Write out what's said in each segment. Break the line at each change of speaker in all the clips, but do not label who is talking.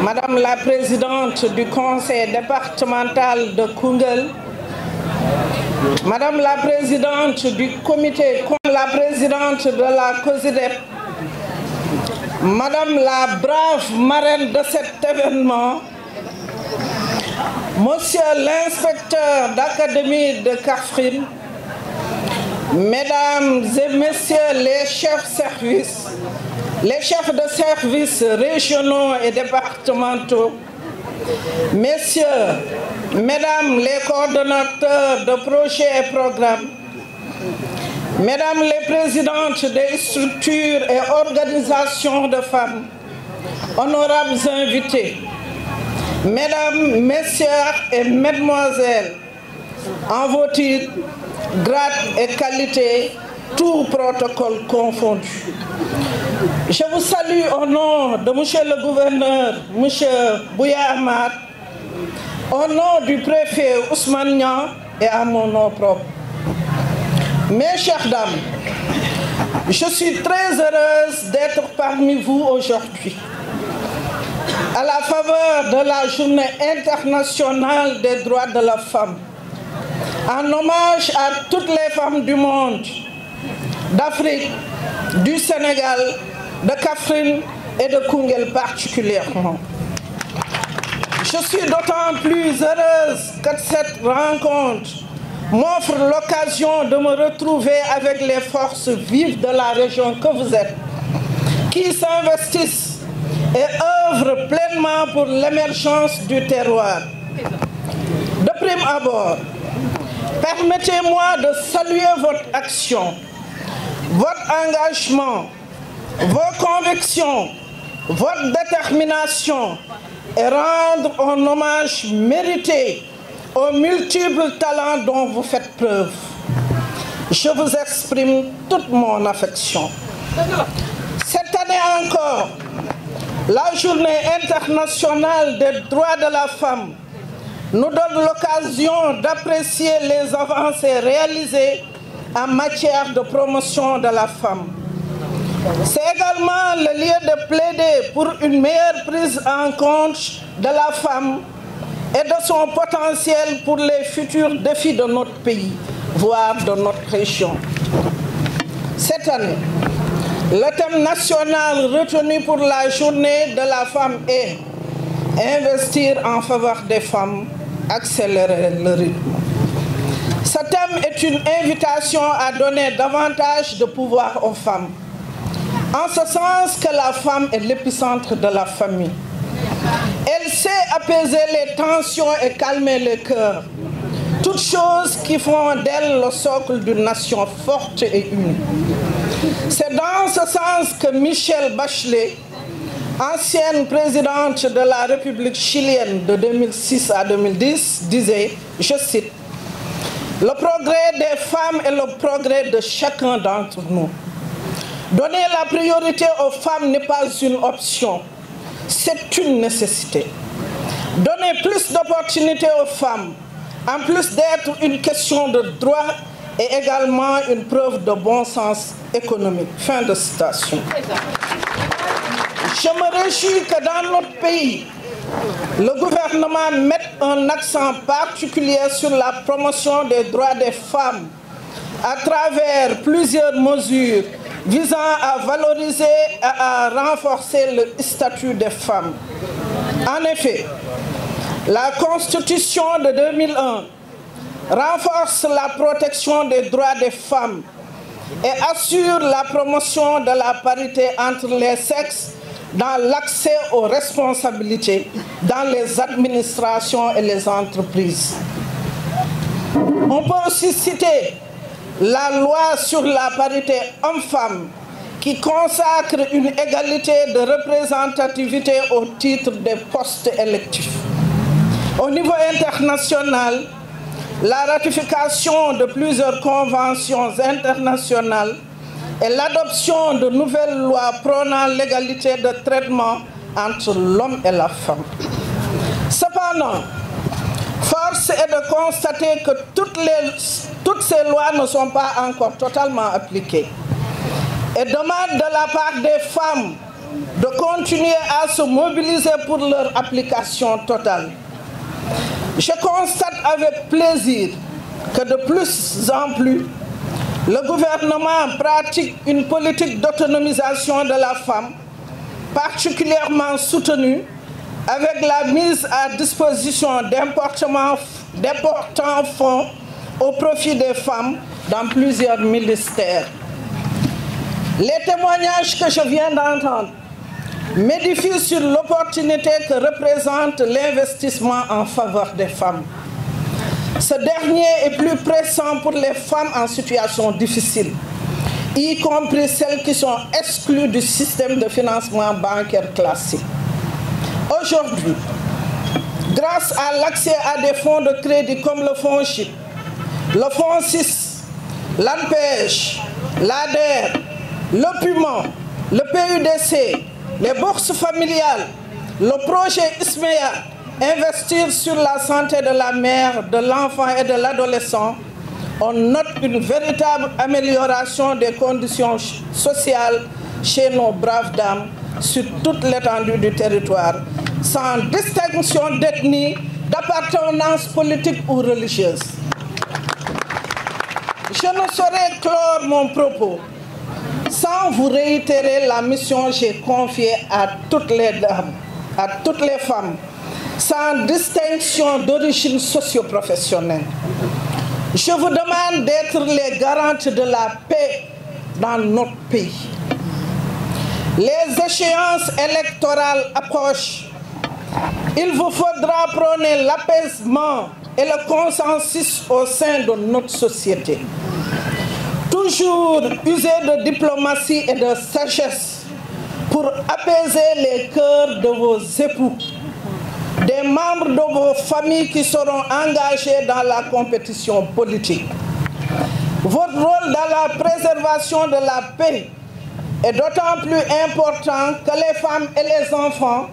Madame la Présidente du Conseil départemental de Kungel, Madame la Présidente du Comité, la Présidente de la COSIDEP, Madame la brave marraine de cet événement, Monsieur l'inspecteur d'académie de Kafrine, Mesdames et Messieurs les chefs services, les chefs de services régionaux et départementaux, messieurs, mesdames les coordonnateurs de projets et programmes, mesdames les présidentes des structures et organisations de femmes, honorables invités, mesdames, messieurs et mesdemoiselles, en vos titres, grade et qualité, tout protocole confondu. Je vous salue au nom de Monsieur le gouverneur, Monsieur Bouya Ahmad, au nom du préfet Ousmane et à mon nom propre. Mes chers dames, je suis très heureuse d'être parmi vous aujourd'hui. À la faveur de la journée internationale des droits de la femme, en hommage à toutes les femmes du monde, d'Afrique, du Sénégal de Catherine et de Kungel particulièrement. Je suis d'autant plus heureuse que cette rencontre m'offre l'occasion de me retrouver avec les forces vives de la région que vous êtes, qui s'investissent et œuvrent pleinement pour l'émergence du terroir. De prime abord, permettez-moi de saluer votre action, votre engagement vos convictions, votre détermination et rendre un hommage mérité aux multiples talents dont vous faites preuve. Je vous exprime toute mon affection. Cette année encore, la journée internationale des droits de la femme nous donne l'occasion d'apprécier les avancées réalisées en matière de promotion de la femme. C'est également le lieu de plaider pour une meilleure prise en compte de la femme et de son potentiel pour les futurs défis de notre pays, voire de notre région. Cette année, le thème national retenu pour la journée de la femme est Investir en faveur des femmes, accélérer le rythme. Ce thème est une invitation à donner davantage de pouvoir aux femmes en ce sens que la femme est l'épicentre de la famille. Elle sait apaiser les tensions et calmer le cœur. Toutes choses qui font d'elle le socle d'une nation forte et unie. C'est dans ce sens que Michelle Bachelet, ancienne présidente de la République chilienne de 2006 à 2010, disait, je cite, Le progrès des femmes est le progrès de chacun d'entre nous. Donner la priorité aux femmes n'est pas une option, c'est une nécessité. Donner plus d'opportunités aux femmes, en plus d'être une question de droit, est également une preuve de bon sens économique. Fin de citation. Je me réjouis que dans notre pays, le gouvernement mette un accent particulier sur la promotion des droits des femmes à travers plusieurs mesures visant à valoriser et à renforcer le statut des femmes. En effet, la Constitution de 2001 renforce la protection des droits des femmes et assure la promotion de la parité entre les sexes dans l'accès aux responsabilités dans les administrations et les entreprises. On peut aussi citer la loi sur la parité homme-femme qui consacre une égalité de représentativité au titre des postes électifs. Au niveau international, la ratification de plusieurs conventions internationales et l'adoption de nouvelles lois prônant l'égalité de traitement entre l'homme et la femme. Cependant, Force est de constater que toutes, les, toutes ces lois ne sont pas encore totalement appliquées. Et demande de la part des femmes de continuer à se mobiliser pour leur application totale. Je constate avec plaisir que de plus en plus, le gouvernement pratique une politique d'autonomisation de la femme particulièrement soutenue avec la mise à disposition d'importants fonds au profit des femmes dans plusieurs ministères. Les témoignages que je viens d'entendre m'édifient sur l'opportunité que représente l'investissement en faveur des femmes. Ce dernier est plus pressant pour les femmes en situation difficile, y compris celles qui sont exclues du système de financement bancaire classique. Aujourd'hui, grâce à l'accès à des fonds de crédit comme le fonds CHIP, le fonds 6, l'ANPEJ, l'ADER, le PUMAN, le PUDC, les bourses familiales, le projet ISMEA, investir sur la santé de la mère, de l'enfant et de l'adolescent, on note une véritable amélioration des conditions sociales chez nos braves dames sur toute l'étendue du territoire sans distinction d'ethnie, d'appartenance politique ou religieuse. Je ne saurais clore mon propos sans vous réitérer la mission que j'ai confiée à toutes les dames, à toutes les femmes, sans distinction d'origine socio-professionnelle. Je vous demande d'être les garantes de la paix dans notre pays. Les échéances électorales approchent il vous faudra prôner l'apaisement et le consensus au sein de notre société. Toujours user de diplomatie et de sagesse pour apaiser les cœurs de vos époux, des membres de vos familles qui seront engagés dans la compétition politique. Votre rôle dans la préservation de la paix est d'autant plus important que les femmes et les enfants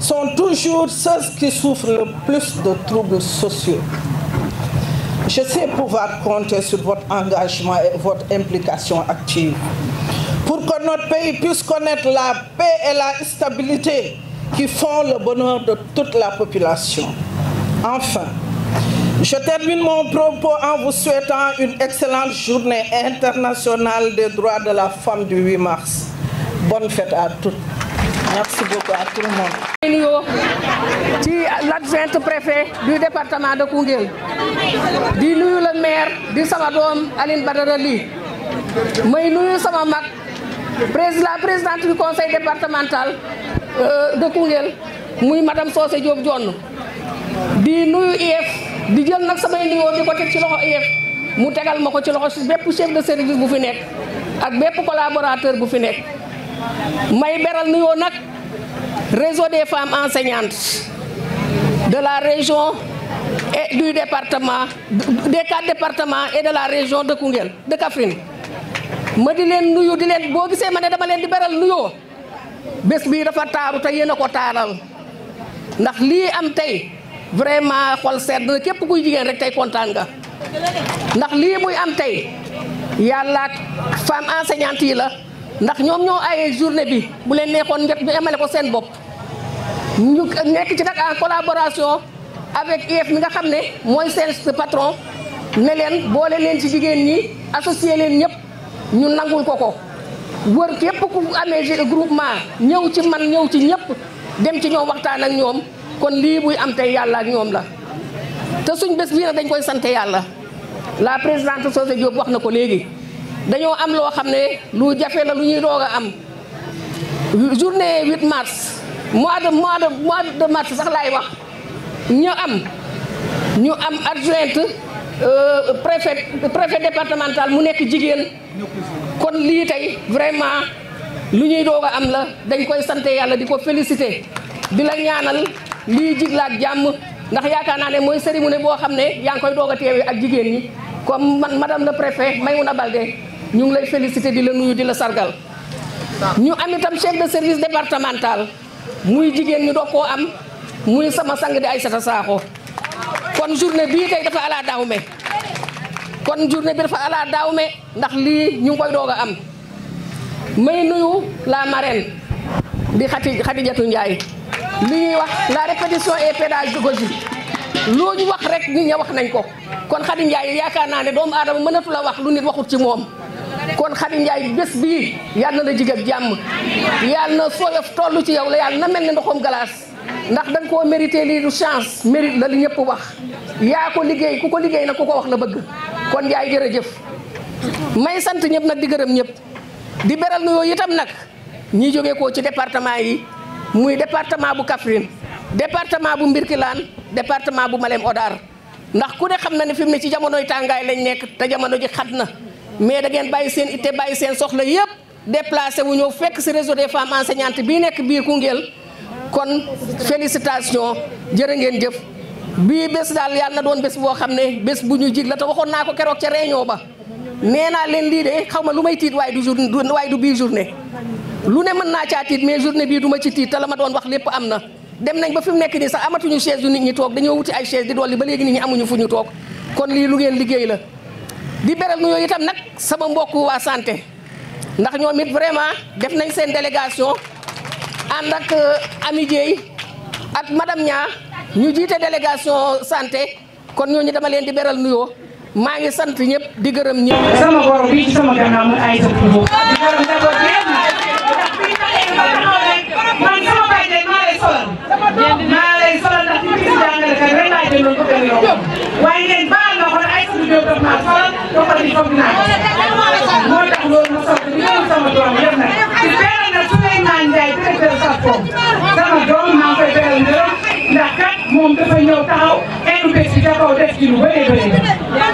sont toujours celles qui souffrent le plus de troubles sociaux. Je sais pouvoir compter sur votre engagement et votre implication active pour que notre pays puisse connaître la paix et la stabilité qui font le bonheur de toute la population. Enfin, je termine mon propos en vous souhaitant une excellente journée internationale des droits de la femme du 8 mars. Bonne fête à toutes. Merci beaucoup à tout le monde.
au ci l'adjointe préfet du département de Koungheul di nuyu le maire di sama doom Aline Badara Ly may nuyu sama mak président présidente du conseil départemental euh, de Koungheul muy madame Socé Diop Jonn di nuyu IF di jël nag samay nuyoo di ko teg ci loxo IEF mu tegal ma ci loxo bépp chef de service bu fi nekk ak bépp collaborateur bu fi nekk may beral nuyoo nak. réseau des femmes enseignantes de la région et du département, des quatre départements et de la région de Kungel de Kafrine. ma di nous nous di les boo Nous dama di les Nuyo. dafa Nous vraiment xol képp Nous rek les nga ndax femme enseignante ndax ñoom ñoo aaye journée bi bu leen neexoon njot ñu emale ko seen bopp ñu nekk ci nag en collaboration avec IEF mi nga xam ne mooy seen patron ne leen boole leen ci jigéen ñi associé leen ñëpp ñu nangul ko ko wër képp ku amee groupement ñëw ci man ñëw ci ñëpp dem ci ñoom waxtaan ak ñoom kon lii buy am tey yàlla ak ñoom la te suñ bés bii nag dañ koy sant yàlla la présidente Sosé Diop wax na ko léegi dañoo am loo xam ne lu jafe la lu ñuy doog a am journée 8 mars mois de mois de mois de mars sax laay wax ñu am ñu am adjointe euh, préfet préfet départemental mu nekk jigéen kon lii tey vraiment lu ñuy doog am la dañ koy sant yàlla di ko félicité di la ñaanal lii jiglaak jàmm ndax yaakaar naa ne mooy ne boo xam ne yaa ngi koy doog a ak jigéen ñi comme man madame le préfet Maïmouna Baldé ñu ngi lay félicité di la nuyu di la sargal ñu am itam chef de service départemental muy jigéen ñu dox koo am muy sama sang di Aïssata Sakho kon journée bii tey dafa ala me kon journée bi dafa ala daaw me ndax lii ñu ngi koy doog a am may nuyu la marraine di xati Xadijatu Njaay li ñuy wax la répétition et pédagogie loo ñu wax rek nit ña wax nañ ko kon Xadi Njaay yaakaar naa ne doomu aadama mënatu wax lu nit waxut ci moom kon xarit Ndiaye bes bi, yalla la jig jam yalla yàlla na sooyof ci yow la yalla na melni ndoxom glass ndax dang ko koo li du chance mérite la li ñepp wax ya ko liggey ku ko liggey na ku ko wax la bëgg kon Ndiaye jërëjëf may sant ñepp nak di gëreem ñepp di beral nuyo itam nak, ñi jóge ko ci département yi muy département bu Kaffrine département bu mbirkilan département bu Malem Odar ndax ku ne xam na ne fi ci jamono tangay lañ nekk ta jamono ji xatna mais da ngeen bàyyi seen itte bàyyi seen soxla yëpp déplacé wu ñëw fekk si réseau des femmes enseignantes bii nekk biir Koungheul kon félicitation jërë ngeen jëf bii bés daal yàlla na doon bés boo xam ne bés bu ñu jig la te waxoon naa ko keroog ca réunion ba nee naa leen lii de xaw ma lu may tiit waaye du journée waaye du bii journée lu ne mën naa caa tiit mais journée bii du ci tiit te la ma doon wax lépp am na dem nañ ba fi mu nekk nii sax amatuñu chaise yu nit ñi toog dañoo wuti ay chaise di dolli ba léegi nit ñi amuñu fu ñu toog kon lii ngeen liggéey la di beral nuyoo itam nag sama mbokku waa santé ndax ñoom it vraiment def nañ seen délégation ànd ak euh, Ami Dieye ak madame Nia ñu jiite délégation santé kon ñooñu dama leen di beral nuyoo maa ngi sant ñëpp di gërëm ñëpp. sama borom bii ci sama gànnaaw man ay sa maa lay solal.
maa lay solal ndax ci biir jàngalekat rek laa jëloon ko benn yoon waaye ngeen baal suñu yow daf maa faral ba pare di foog naa moo tax loolu ma soxla ñoom sama doom yëpp nag di beral nag Souleymane Ndiaye directeur SAPCOM sama doom maa ngi koy beral ngërëm ndax kat moom dafa ñëw taxaw indi bés bi ca kaw def ci lu bëree bëri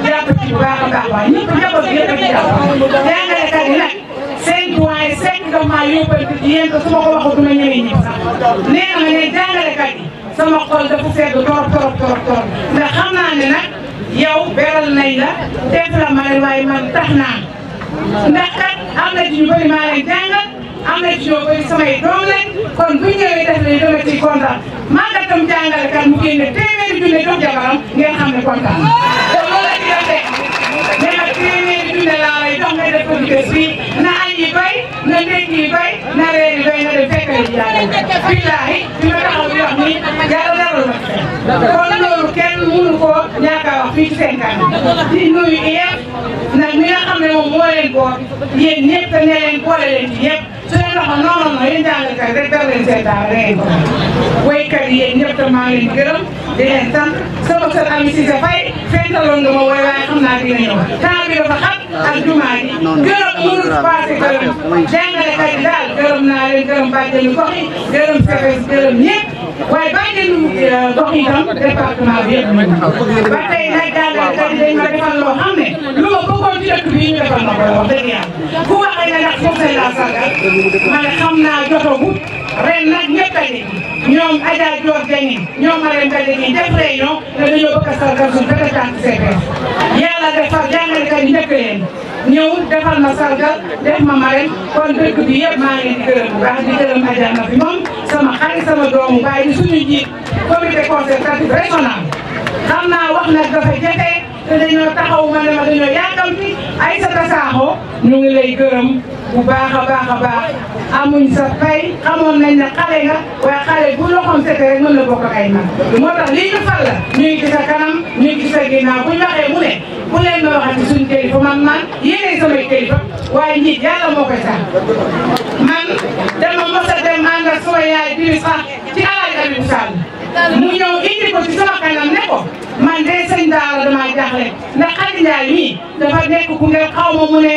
jàpp ci bu baax a baax waaye ñëpp njaboot bi yëpp a ci jàpp jàngalekat yi nag seen doyen sekk nga maa yóbbante ci yéen te su ma ko waxee du ma ñëwee ñëpp sax nee na ma ne jàngalekat yi sama xol dafa sedd torop torop torop torop ndax xam naa ne nag. yow beral nay la teet la may waaye man tax naa ndax kat am na ci ñu bëri maa leen jàngal am na ci ñoo bëri samay doom lañ kon bu ñëwee def nañu dama ciy kontaan maa nga tam jàngalekat mu génne téeméeri junne jox jabaram ngeen xam te loolu la ci def de ne ma téeméeri junne laa lay jox nga def ko ci bés yi bay na ndékki yi bay na reer yi bay na dem yi jàngale billaahi bi ma taxaw di wax nii yàlla dara la huit cinquante di nuyu yëpp nag mi nga xam ne moom moo leen boot yéen ñëpp te ne leen boole su leen waxoon non non non yéen jàngkat rek dal leen seetaan rek waykat yi yéen ñëpp maa ngi leen gërëm di leen sant sama sër Ami Cissé Faye fentaloon nga ma woy waaye xam naa dina ñëw temps bi dafa xat ak jumaa ji gërëm mënut passé gërëm jàngalekat yi daal gërëm naa leen gërëm bàjjenu gox yi gërëm sefes gërëm ñëpp waaye bàjjenu gox yi tam département bi yëpp ba tey nag jàngalekat yi dañ ma defal loo xam ne lu ma bëggoon ci dëkk bi ñu defal ma ko wax dëgg yàlla ku waxee ne ndax foofu la sargal man xam naa jotagut ren nag ñëpp a ne ñoom Adja Dior dañuy ñoom Marème Ba dañuy def réunion ne dañoo bëgg a sargal suñu tànk séeréer yàlla defar jàngalekat yi njëkk leen ñëw defal ma sargal def ma Marème kon dëkk bi yëpp maa di gërëm bu di gërëm Adja na fi moom sama xarit sama doomu baay di suñu jiit comité concertatif xam naa wax nag dafa jafe te dañoo taxaw ma ne ma dañoo yàkkamti ay sa tasaaxoo ñu ngi lay gërëm. bu baax a baax a baax amuñ sa fay xamoon nañ ne xale nga waaye xale bu loxoom setee rek mën na bokk ak ay moo tax lii ñu fal la ñu ngi gis sa kanam ñu ngi gis sa ginnaaw buñ waxee mu ne bu leen ma waxati suñ kilifa man man yéenay samay kilifa waaye njiit yàlla moo koy man dama mos a dem ànd ak sama yaay bi sax ci alaaji Habib Sall mu ñëw indi ko ci sama kanam ne ko man de sëñ daara dama jaaxle ndax Xadi Njaay mii dafa nekk ku ngeen xaw mu ne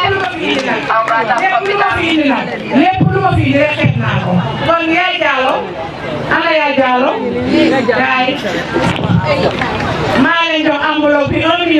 lépp lu ma I am nag lépp lu ma fi indi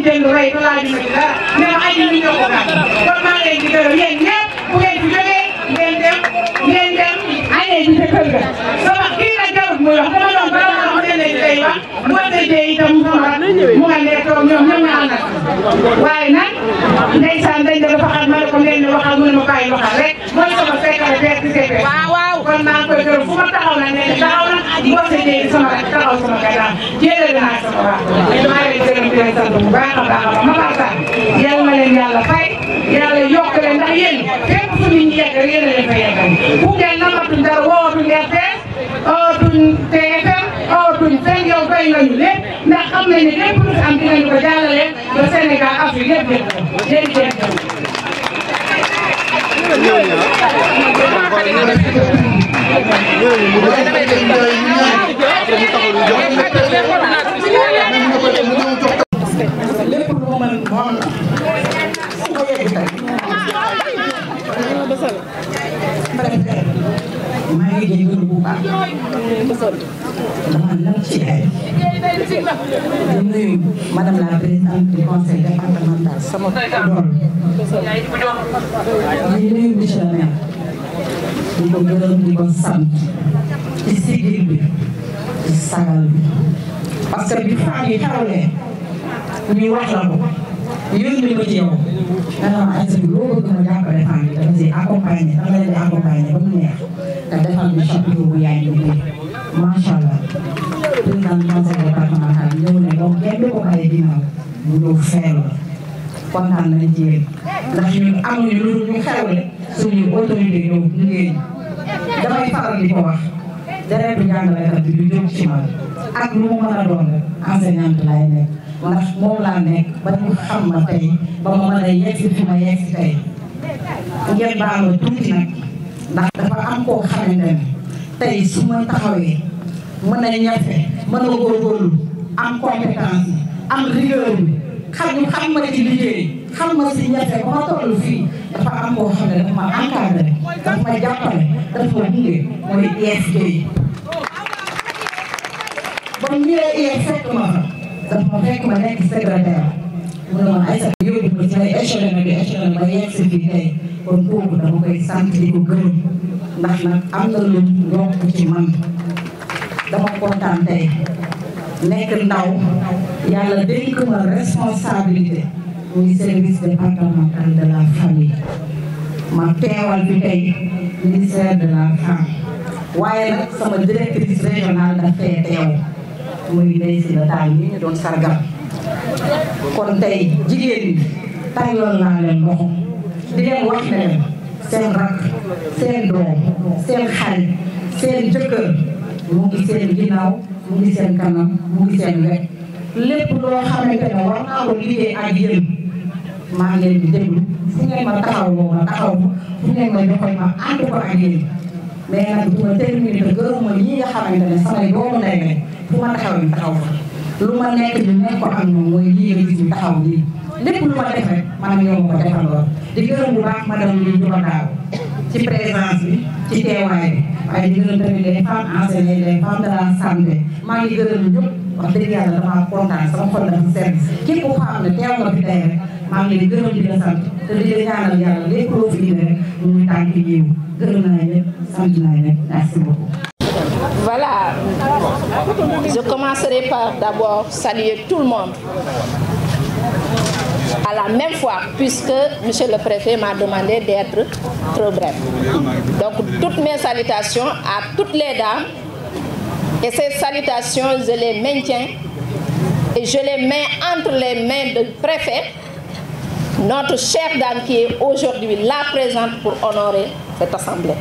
yitte lu rëy lu laajul ñu dara ndax ay nit ñi ñoo ko gàtt kon maa ngi leen di gërëm yéen ñëpp bu ngeen di jógee ngeen
dem ngeen dem
añee ci sa kër ga. sama kii nag jarut muy wax dama doon balaa nga xamante ne tey wax bu ëllëgee itam sama rak mu nga nekk toog ñoom ñoom ñu àndal waaye nag ndeysaan dañ dafa xat ma ne ko mënu ma bàyyi waxal rek mooy sama secrétaire PSCP. waaw waaw kon maa ngi koy gërëm fu ma taxaw nag nee na taxaw na mboq sa jéeg sama taxaw sama gànnaar jëlee naa sama baax. maa ngi lay gërëm di leen sant bu baax a baax a baax ma baax sax yal na leen yàlla fay yàlla yokk leen ndax yéen fépp fu nit ñi yegg rek yéen a leen fa yeggal bu ngeen namatuñ dara wootuñ RTS ootuñ TFM ootuñ seen yow fay nañu lépp ndax xam nañ ne lépp lu fi am dinañu ko jàllale ba Sénégal Afrique yëpp yëpp yëpp yëpp. lépp lu ko mën
maa ngi jégalu bu baax dama lan ci ay di nuyu madame la présidente du conseil départemental sama doom di nuyu monsieur le maire di ko gërëm di ko sant ci sigil bi ci sagal bi parce que bi femme yi tawlee ñu wax la ko yónni ko ci yow nga ne ma ay sa loo bëgg ma jàppale femme si accompagner dama leen di accompagner ba mu neex te defal ñu ne moom kenn du ko bàyyi ginnaaw bu ñëw fayal la kontaan nañ ci yéen ndax ñun amuñu lu ñu xewle suñu autorité ñëw liggéey damay faral di ko wax deretu jàngalekat ak lu mu mën a doon rek enseignante moom laa nekk ba ñu xam ma tey ba ma mën a yegg fi ma yegg tey ngeen baal ma tuuti nag ndax dafa am koo xamante ne tey su ma taxawee mën a ñafe mën a góorgóorlu am compétence bi am rigueur bi xam ñu xam ma ci liggéey xam ma si ñafe ba ma toll fii dafa am koo xam ne dafa ma encadré dafa ma jàppale dafa ma gunge mooy ISG e ba mu ñëwee ISG e fekk ma fa dafa ma fekk ma nekk secrétaire mu ne ma ay ba yegg tey kon kooku dama koy sant di ko gërëm ndax nag am na lu yokk ci man dama kontaan tey nekk ndaw yàlla dénk ma responsabilité muy service départemental de la famille ma teewal fi tey ministère de la femme waaye nag sama directrice régionale daf fee teew muy Ndeye Sylla Tall ñu ñu doon sargal kon tey jigéen ñi tàyyoon naa leen loxo di leen wax ne leen seen rakk seen doom seen xarit seen jëkkër mu ngi seen ginnaaw mu ngi seen kanam mu ngi seen wet lépp loo xamante ne war naa ko liggéey ak yéen maa ngi leen di déglu fu ngeen ma taxawoo ma taxaw ma fu ngeen ma joxoy ma ànd ko ak yéen mais nag bu ma terminé te gërëma ñi nga xamante ne samay doomu ndey ne fu ma taxaw ñu taxaw fa lu ma nekk ñu nekk ko am ñoom mooy lii nga gis ñu taxaw lii lépp lu ma def rek man ñoo ma ko defandoo di gërëm bu baax madame bi Diouf daaw ci présence bi ci teewaay bi waaye di gërëm tamit les femmes enseignées les femmes de la santé maa ngi gërëm ñëpp wax dëgg yàlla damaa kontaan sama xol dafa sedd képp koo xam ne teew nga fi tey rek maa ngi lay gërëm di la sant te di la ñaanal yàlla lépp loo fi indi rek muy tànk yiw gërëm naa ñëpp sant naa ñëpp merci beaucoup.
Voilà, je commencerai par d'abord saluer tout le monde. à la même fois, puisque M. le Préfet m'a demandé d'être trop bref. Donc, toutes mes salutations à toutes les dames, et ces salutations, je les maintiens et je les mets entre les mains du préfet, notre chère dame qui est aujourd'hui là présente pour honorer cette assemblée.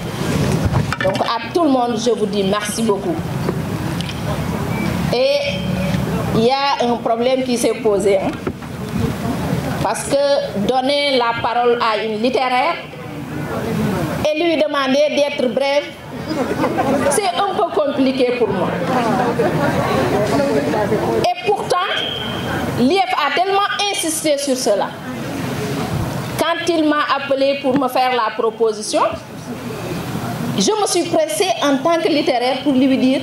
Donc à tout le monde, je vous dis merci beaucoup. Et il y a un problème qui s'est posé. Hein. Parce que donner la parole à une littéraire et lui demander d'être brève, c'est un peu compliqué pour moi. Et pourtant, l'IEF a tellement insisté sur cela. Quand il m'a appelé pour me faire la proposition, je me suis pressée en tant que littéraire pour lui dire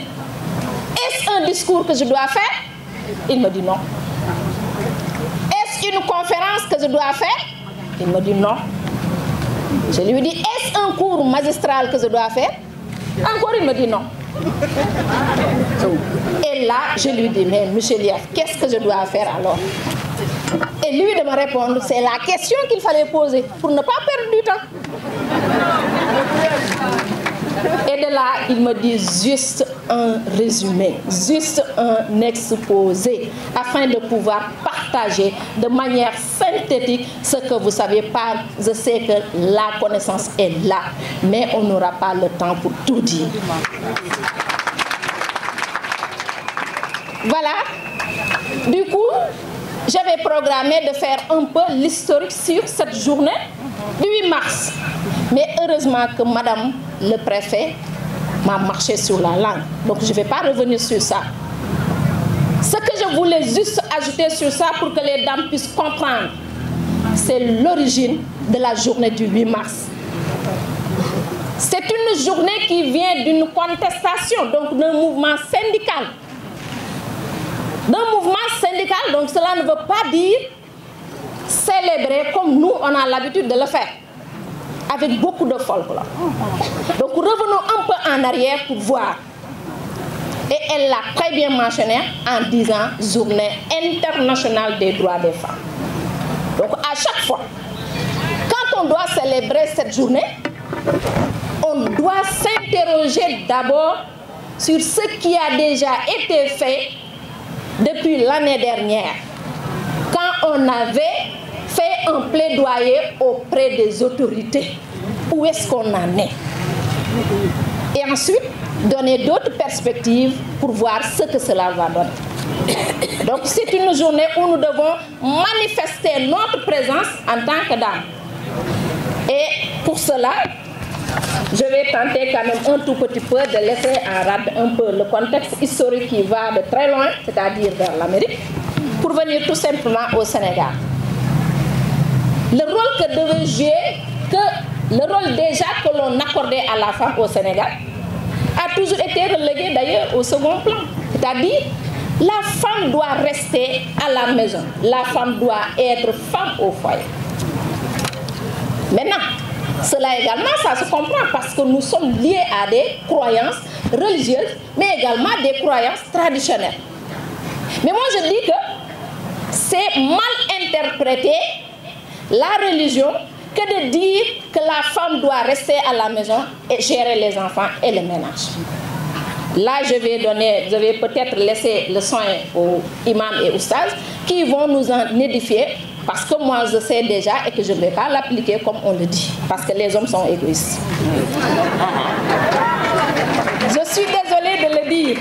est-ce un discours que je dois faire Il me dit non une conférence que je dois faire Il me dit non. Je lui dis, est-ce un cours magistral que je dois faire Encore, il me dit non. Et là, je lui dis, mais monsieur qu'est-ce que je dois faire alors Et lui de me répondre, c'est la question qu'il fallait poser pour ne pas perdre du temps. Et de là, il me dit juste un résumé, juste un exposé, afin de pouvoir de manière synthétique ce que vous savez pas. Je sais que la connaissance est là, mais on n'aura pas le temps pour tout dire. Voilà. Du coup, j'avais programmé de faire un peu l'historique sur cette journée du 8 mars. Mais heureusement que Madame le préfet m'a marché sur la langue. Donc je ne vais pas revenir sur ça. Ce que je voulais juste ajouter sur ça pour que les dames puissent comprendre, c'est l'origine de la journée du 8 mars. C'est une journée qui vient d'une contestation, donc d'un mouvement syndical. D'un mouvement syndical, donc cela ne veut pas dire célébrer comme nous, on a l'habitude de le faire, avec beaucoup de folklore. Donc revenons un peu en arrière pour voir. Et elle l'a très bien mentionné en disant Journée internationale des droits des femmes. Donc à chaque fois, quand on doit célébrer cette journée, on doit s'interroger d'abord sur ce qui a déjà été fait depuis l'année dernière, quand on avait fait un plaidoyer auprès des autorités. Où est-ce qu'on en est Et ensuite, donner d'autres perspectives pour voir ce que cela va donner. Donc c'est une journée où nous devons manifester notre présence en tant que dame. Et pour cela, je vais tenter quand même un tout petit peu de laisser en rade un peu le contexte historique qui va de très loin, c'est-à-dire vers l'Amérique, pour venir tout simplement au Sénégal. Le rôle que devait jouer, que le rôle déjà que l'on accordait à la femme au Sénégal, toujours été relégué d'ailleurs au second plan. C'est-à-dire, la femme doit rester à la maison. La femme doit être femme au foyer. Maintenant, cela également, ça se comprend parce que nous sommes liés à des croyances religieuses, mais également des croyances traditionnelles. Mais moi, je dis que c'est mal interpréter la religion que de dire que la femme doit rester à la maison et gérer les enfants et le ménage. Là, je vais donner, je vais peut-être laisser le soin aux imams et aux qui vont nous en édifier parce que moi je sais déjà et que je ne vais pas l'appliquer comme on le dit, parce que les hommes sont égoïstes. Je suis désolée de le dire.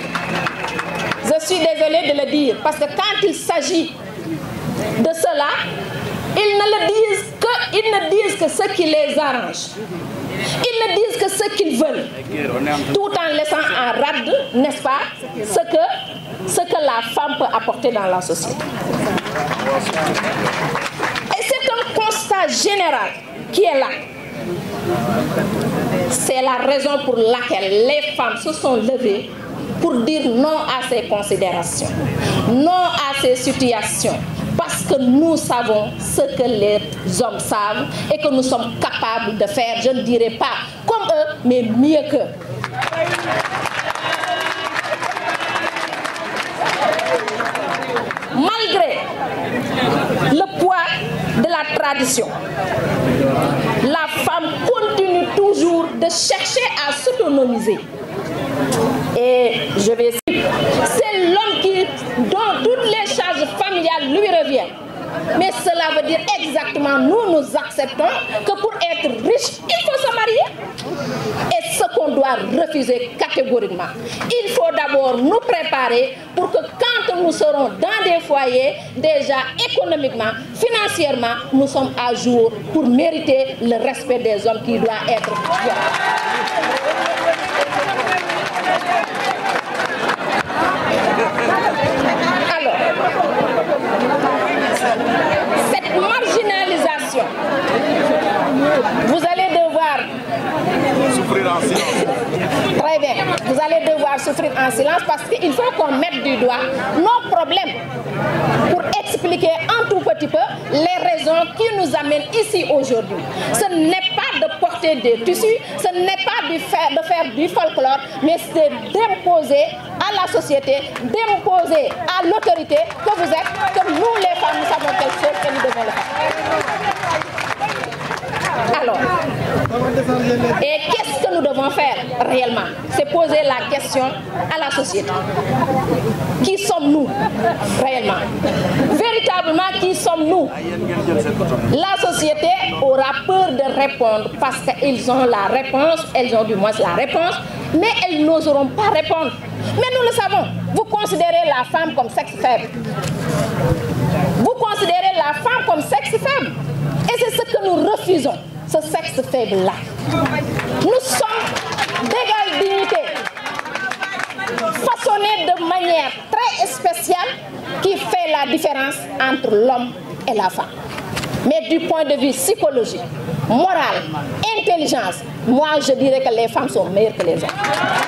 Je suis désolée de le dire, parce que quand il s'agit de cela, ils ne le disent ils ne disent que ce qui les arrange. Ils ne disent que ce qu'ils veulent, tout en laissant en rade, n'est-ce pas, ce que, ce que la femme peut apporter dans la société. Et c'est un constat général qui est là. C'est la raison pour laquelle les femmes se sont levées pour dire non à ces considérations, non à ces situations, que nous savons ce que les hommes savent et que nous sommes capables de faire, je ne dirais pas comme eux, mais mieux qu'eux. Malgré le poids de la tradition, la femme continue toujours de chercher à s'autonomiser. Et je vais dire exactement, nous, nous acceptons que pour être riche, il faut se marier. Et ce qu'on doit refuser catégoriquement. Il faut d'abord nous préparer pour que quand nous serons dans des foyers, déjà économiquement, financièrement, nous sommes à jour pour mériter le respect des hommes qui doit être. Vous allez devoir souffrir en silence. Très bien. Vous allez devoir souffrir en silence parce qu'il faut qu'on mette du doigt nos problèmes pour expliquer un tout petit peu les raisons qui nous amènent ici aujourd'hui. Ce n'est pas de porter des tissus, ce n'est pas de faire, de faire du folklore, mais c'est d'imposer à la société, d'imposer à l'autorité que vous êtes, que vous les nous savons chose que nous devons faire. Alors, et qu'est-ce que nous devons faire réellement C'est poser la question à la société. Qui sommes-nous réellement Véritablement, qui sommes-nous La société aura peur de répondre parce qu'ils ont la réponse, elles ont du moins la réponse, mais elles n'oseront pas répondre. Mais nous le savons, vous considérez la femme comme sexe faible considérer la femme comme sexe faible. Et c'est ce que nous refusons, ce sexe faible-là. Nous sommes d'égal dignité, façonnés de manière très spéciale qui fait la différence entre l'homme et la femme. Mais du point de vue psychologique, moral, intelligence, moi je dirais que les femmes sont meilleures que les hommes.